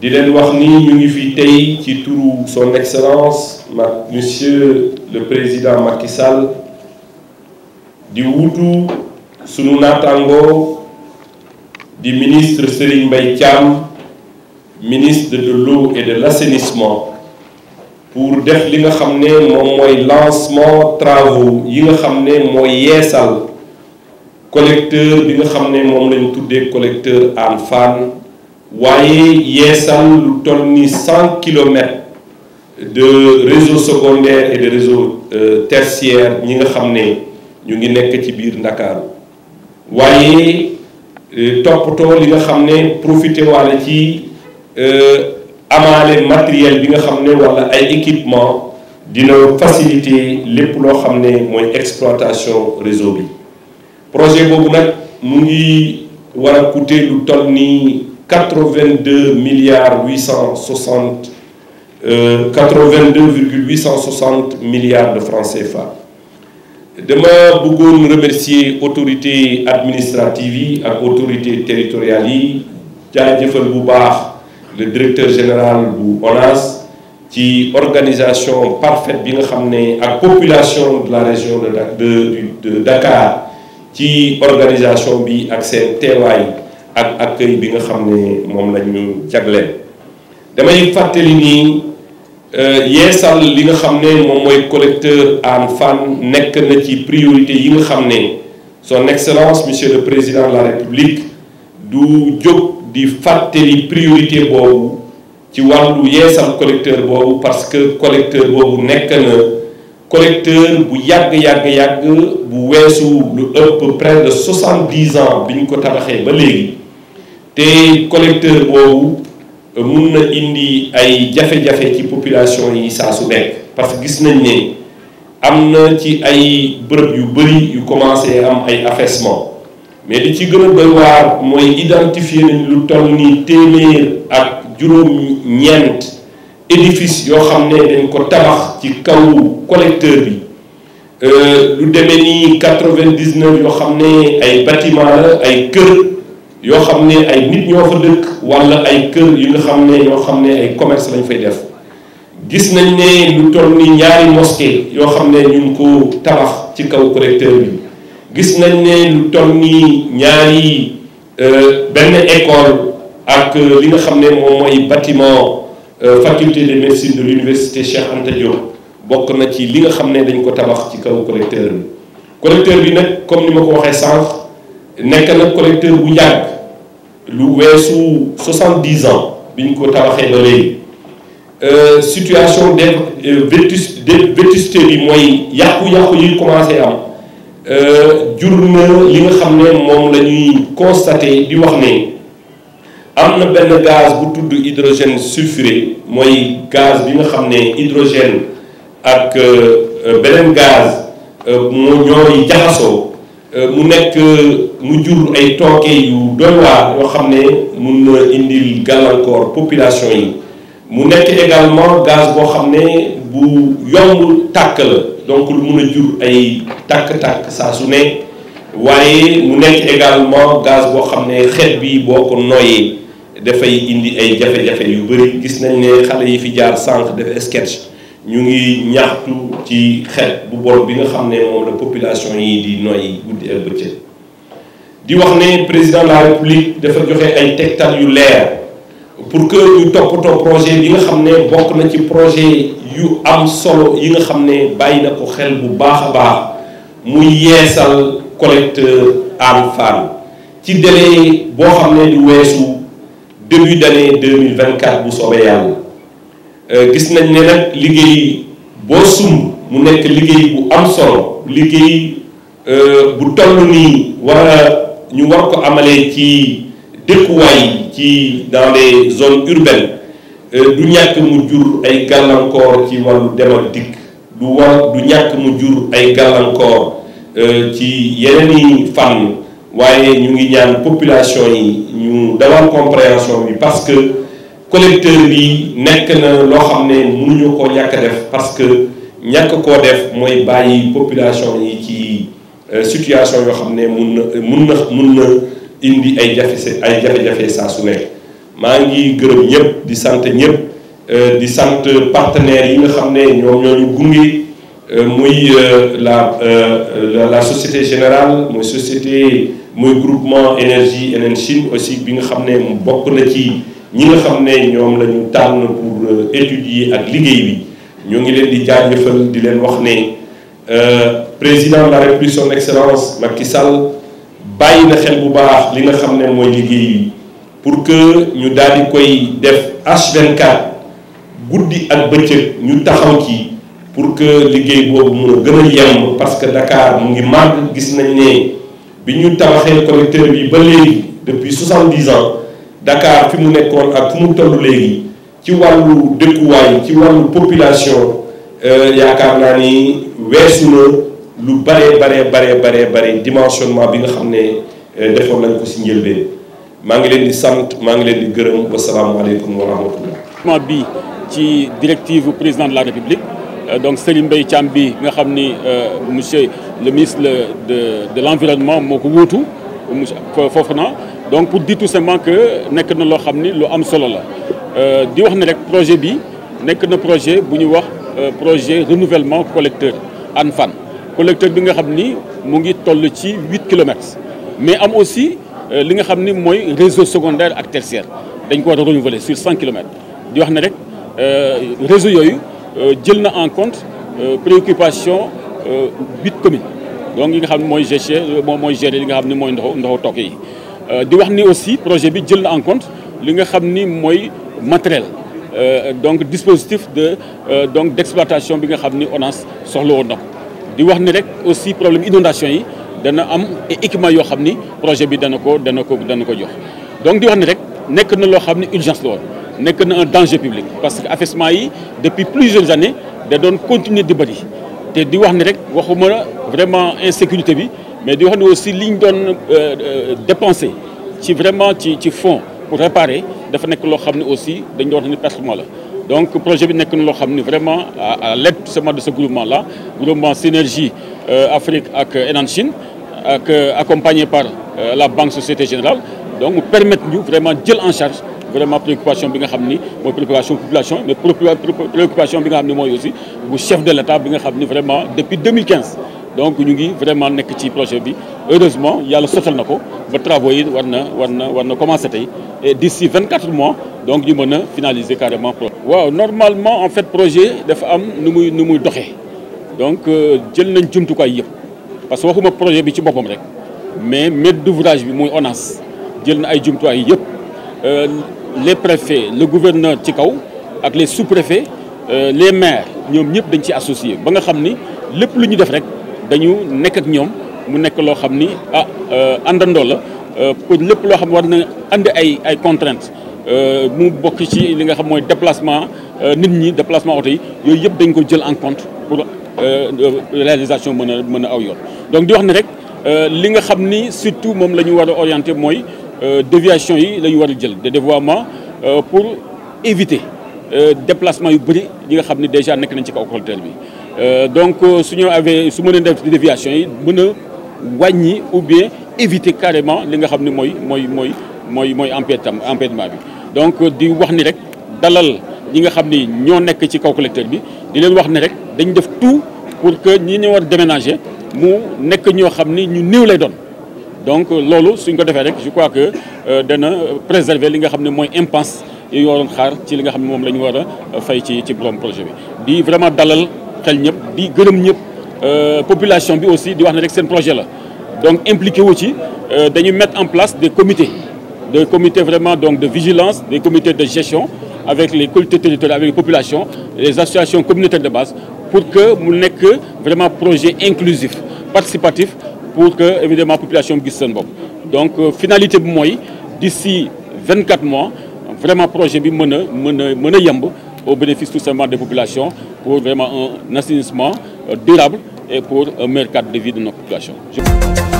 di leen wax ni ñu ngi fi tey ci turu son excellence ma monsieur le président Macky Sall di wutu sunu naataango di ministre Serigne Mbaye Thiam ministre de l'eau et de l'assainissement pour def li nga xam ne moom mooy lancement travaux yi nga xam ne mooy yeesal collecteur bi nga xam ne moom lañu tuddee collecteur Hann Fann waaye yeesal lu toll ni cent kilomètres de réseau secondaire et de réseau euh, tertiaire ñi nga xam ne ñu ngi nekk ci biir Ndakaaru waaye euh, toppatoo li nga xam ne profité walla ci euh, amaale matériel bi nga xam ne walla ay équipement dina faciliter lépp loo xam ne mooy exploitation réseau bi projet boobu nag mu ngi war a coûter lu toll nii 82 milliards 860 euh, 82,860 milliards de francs fa dama bëggoon remercier autorité administrative yi ak autorité territoriale yi jaajëfal bu baax le directeur général bu ONAS ci organisation parfaite bi nga xam ne ak population de la région de de, de, de Dakar ci organisation bi ak seen teewaay ak accueil bi nga xam ne moom la ñu jagleel damay fàttali nii euh, yeesal li nga xam ne moom mooy collecteur aan Fann nekk na ci priorité yi nga xam ne son excellence monsieur le président de la république du jóg di fàttali priorité boobu ci wàllu yeesal collecteur boobu parce que collecteur boobu nekk na collecteur bu yàgg-yàgg-yàgg bu weesu lu ëpp près de soixante-dix ans bi ñu ko tabaxee ba léegi te collecteur boobu mun na indi ay jafe-jafe ci population yi saa su nekk parce que gis nañ ne am na ci ay bërëb yu bëri yu commencé am ay affaissement mais li ci gën a doy waar mooy identifier nañ lu toll ni téeméer ak juróom-ñeent édifice yoo xam ne dañ ko tabax ci kaw collecteur bi euh, lu demee ni quatre vingt yoo xam ne ay bâtiment la ay kër. yoo xam ne ay nit ñoo fa dëkk walla ay kër yu nga xam ne yoo xam ne ay commerce lañ fay def gis nañ ne lu toll ni ñaari mosquée yoo xam ne ñu ngi ko tabax ci kaw correcteur bi gis nañ ne lu toll ni ñaari euh, benn école ak euh, li nga xam ne moom mooy bâtiment euh, faculté de médecine de l'université Cheikh Anta Diop bokk na ci li nga xam ne dañ ko tabax ci kaw correcteur bi correcteur bi nag comme ni ma ko waxee sànq nekk na collecteur bu yàgg lu weesu soixante-dix ans bi ñu ko tabaxee ba léegi euh, situation des euh, vétus des vétusté bi mooy yàqu-yàqu yi commencé am euh, jur na li nga xam ne moom lañuy ñuy constaté di wax ne am na benn gaz bu tudd hydrogène sulfuré mooy gaz bi nga xam ne hydrogène ak beneen gaz moo ñooy jaxasoo Euh, mu nekk euh, mu jur ay tooke yu doy waar xam ne mun na indil gàllankoor population yi mu nekk également gaz boo xam ne bu yomb tàkk la donc lu mun a jur ay tàkk-tàkk saa su ne waaye mu nekk également gaz boo xam ne xet bi boo ko noyee dafay indi ay jafe-jafe yu bëri gis nañ ne xale yi fi jaar sànq def sketch ñu ngi ñaxtu ci xel bu bon bi nga xam ne moom la population yi di noyyi guddi ak di wax ne président de la république dafa joxe ay tegtal yu leer pour que ñu toppatoo projet bi nga xam ne bokk na ci projet yu am solo yi nga xam ne bàyyi na ko xel bu baax baax muy yeesal collecteur Hann Fann ci délai boo xam ne du weesu début d'année 2024 bu soobee yàlla Euh, gis nañ ne nag liggéey boo sumb mu nekk liggéey bu am solo liggéey euh, bu toll nii war ñu war ko amalee ci dëkkuwaay ci dans les zones urbaines euh, du ñàkk mu jur ay gàllankoor ci wàllu dem dikk du war du ñàkk mu jur ay gàllankoor ci yeneen i fànn waaye ñu ngi ñaan population yi ñu dawal compréhension bi parce que collecteur bi nekk na loo xam ne mënuñu ko ñàkk def parce que ñàkk koo def mooy bàyyi population yi ci euh, situation yoo xam ne mun na mun na mun na indi ay jafe ay jafe-jafe saa su nekk maa ngi gërëm ñëpp di sant ñëpp euh, di sant partenaires yi nga xam ne ñoom ñoo ñu gunge euh, muy la la société général muy société muy groupement énergie eneen Chine aussi bi nga xam ne bokk na ci ñi nga xam ne ñoom lañu tànn pour euh, étudier ak liggéey bi ñoo ngi leen di jaajëfal di leen wax ne euh, président de la république son excellence Macky Sall bàyyi na xel bu baax li nga xam ne mooy liggéey bi pour que ñu daal koy def H24 guddi ak bëccëg ñu taxaw ci pour que liggéey boobu mun a gën a yem parce que Dakar mu ngi màgg gis nañ ne bi ñu tabaxee connecteur bi ba léegi depuis soixante-dix ans. Dakar fi mu nekkoon ak fu mu toll léegi ci wàllu dëkkuwaay ci wàllu population euh, yaakaar naa ni weesu na lu bare bare bare bare dimensionnement bi nga xam ne euh, defoon nañ ko si njëlbeen maa ngi leen di sant maa ngi leen di gërëm wasalaamualeykum wa rahmatullah. bi ci directive président de la république euh, donc Serigne Mbaye Thiam bi nga xam ni monsieur le ministre de de l' moo ko wuutu foofu na donc pour dire tout simplement que nekk na loo xam ni lu am solo la euh, di wax na rek projet bi nekk na projet bu ñu wax euh, projet renouvellement collecteur Hann Fann collecteur bi nga xam ni mu ngi toll ci huit kilomètres mais am aussi euh, li nga xam ni mooy réseau secondaire ak tertiaire dañ ko war a renouveler sur cent kilomètres di wax na rek réseau yooyu jël na en compte préoccupation huit communes donc yi nga xam ni mooy gérer moom mooy gérer li nga xam ni mooy ndoxu ndoxu took Euh, di wax ni aussi projet bi jël na en compte li nga xam ni mooy matériel euh, donc dispositif de euh, donc d'exploitation bi nga xam ni ONAS soxla woon na ko di wax ni rek aussi problème inondation yi dana am équipement yoo xam ni projet bi dana ko dana ko dana ko jox donc di wax ni rek nekk na loo xam ni urgence la woon nekk na un danger public parce que affaissement yi depuis plusieurs années da doon continuer di bari te di wax ni rek waxuma vraiment insécurité bi mais di wax ne aussi li ñu doon euh, euh, dépensé ci vraiment ci ci fonds pour réparer dafa nekk loo xam ne aussi dañ doon wax ne pertement la donc projet bi nekk na loo xam ne vraiment à l'aide seulement de ce groupement là groupement euh, Afrique ak Enan Chine ak accompagné par la banque Société Générale donc mu permettre ñu vraiment jël en charge vraiment préoccupation bi nga xam ni mooy préoccupation population mais préoccupation bi nga xam ni mooy aussi bu chef de l'État bi nga xam ni vraiment depuis donc ñu ngi vraiment nekk ci projet bi heureusement yàlla sotal na ko ba travaux yi war na war na war na commencé tey et d'ici quatre mois donc ñu mën a finaliser carrément projet waaw normalement en fait projet dafa am nu muy nu muy doxee donc euh, jël nañ jumtukaay yëpp parce que waxuma projet bi ci boppam rek mais maître d'ouvrage bi muy ONAS jël na ay jumtuwaay yëpp euh, les préfets le gouverneur ci kaw ak les sous-préfets euh, les maires ñoom ñëpp dañ ci associé ba nga xam ni lépp lu ñu def rek dañu nekk ñoom mu nekk loo xam ni ah euh, àndandoo la euh, pour lépp loo xam ne war na andi ay ay contraintes euh, mu bokk ci li nga xam mooy déplacement nit ñi déplacement oto yi yooyu yëpp dañ ko jël en compte pour réalisation mën a mën a aw yoon. donc di wax ni rek li nga xam ni surtout moom la ñu war a orienté mooy déviation yi la ñu war a jël de dévoiement pour éviter déplacement yu bëri yi nga xam ni déjà nekk nañ ci kaw collecteur bi. Euh, donc euh, su ñu avait su mën a def déviation yi mën a wàññi ou bien éviter carrément li nga xam ne mooy mooy mooy mooy mooy empêtement empêtement bi donc euh, di wax ni rek dalal ñi nga xam ni ñoo nekk ci kaw collecteur bi di leen wax ni rek dañu def tout pour que ñi ñu war déménager mu nekk ñoo xam ni ñu néew lay doon donc loolu suñ ko defee rek je crois que dana préserver li nga xam ne mooy impasse yi yoroon xaar ci li nga xam ne moom la ñu war a fay ci ci borom projet bi di vraiment xel ñëpp di gërëm ñëpp euh, population bi aussi di wax na rek seen projet la donc impliqué wu ci euh, dañu mettre en place des comité des comités vraiment donc de vigilance des comités de gestion avec les collectivités territoriales avec les populations les associations communautaires de base pour que mu nekk vraiment projet inclusif participatif pour que évidemment population bi gis seen bopp donc euh, finalité bi mooy d'ici quatre mois vraiment projet bi mën a mën a mën a yemb au bénéfice tout simplement des populations pour vraiment un assainissement euh, durable et pour un meilleur cadre de vie de nos populations. Je...